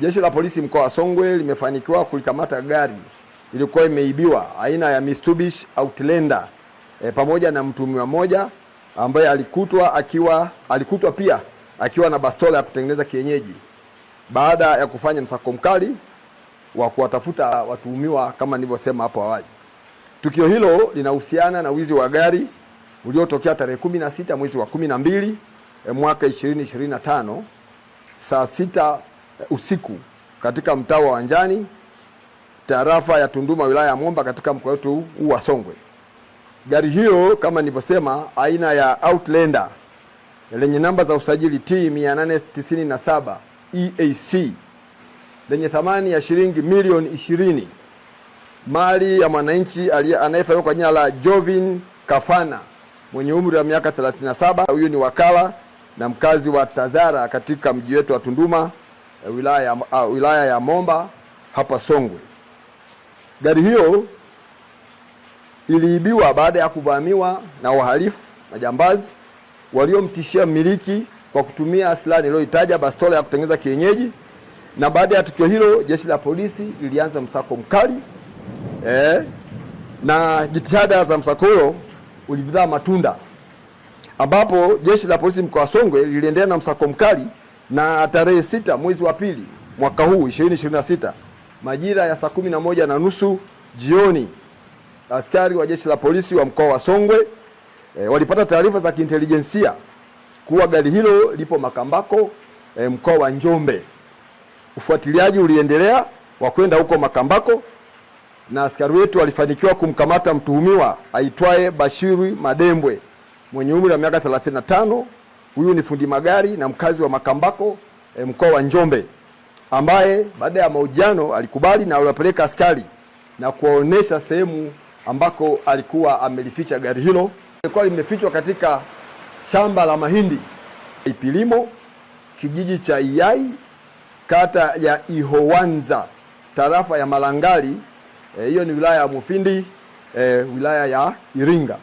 Jeshi la polisi mkoa wa Songwe limefanikiwa kulikamata gari iliyokuwa imeibiwa aina ya Mitsubishi Outlander e, pamoja na mtuhumiwa mmoja ambaye alikutwa akiwa alikutwa pia akiwa na bastola ya kutengeneza kienyeji baada ya kufanya msako mkali wa kuwatafuta watuhumiwa kama nilivyosema hapo awali. Tukio hilo linahusiana na wizi wa gari uliotokea tarehe 16 mwezi wa 12 e, mwaka 2025 saa sita Eh, usiku katika mtaa wa Wanjani tarafa ya Tunduma wilaya ya Momba katika mkoa wetu huu wa Songwe. Gari hiyo kama nilivyosema, aina ya Outlander lenye namba za usajili T 897 EAC lenye thamani ya shilingi milioni ishirini mali ya mwananchi anayefahamika kwa jina la Jovin Kafana mwenye umri wa miaka 37. Huyu ni wakala na mkazi wa Tazara katika mji wetu wa Tunduma. Eh, wilaya, uh, wilaya ya Momba hapa Songwe. Gari hiyo iliibiwa baada ya kuvamiwa na wahalifu majambazi waliomtishia mmiliki kwa kutumia silaha niliyoitaja, bastola ya kutengeneza kienyeji. Na baada ya tukio hilo, jeshi la polisi lilianza msako mkali eh, na jitihada za msako huo ulizaa matunda, ambapo jeshi la polisi mkoa wa Songwe liliendelea na msako mkali na tarehe sita mwezi wa pili mwaka huu 2026 majira ya saa kumi na moja na nusu jioni askari wa jeshi la polisi wa mkoa wa Songwe e, walipata taarifa za kiintelijensia kuwa gari hilo lipo Makambako e, mkoa wa Njombe. Ufuatiliaji uliendelea wa kwenda huko Makambako na askari wetu walifanikiwa kumkamata mtuhumiwa aitwaye Bashiri Madembwe mwenye umri wa miaka 35 Huyu ni fundi magari na mkazi wa Makambako e, mkoa wa Njombe ambaye baada ya mahojiano alikubali na aliwapeleka askari na kuwaonesha sehemu ambako alikuwa amelificha gari hilo. Ilikuwa limefichwa katika shamba la mahindi Ipilimo, kijiji cha Iyai, kata ya Ihowanza, tarafa ya Malangali. Eh, hiyo e, ni wilaya ya Mufindi, e, wilaya ya Iringa.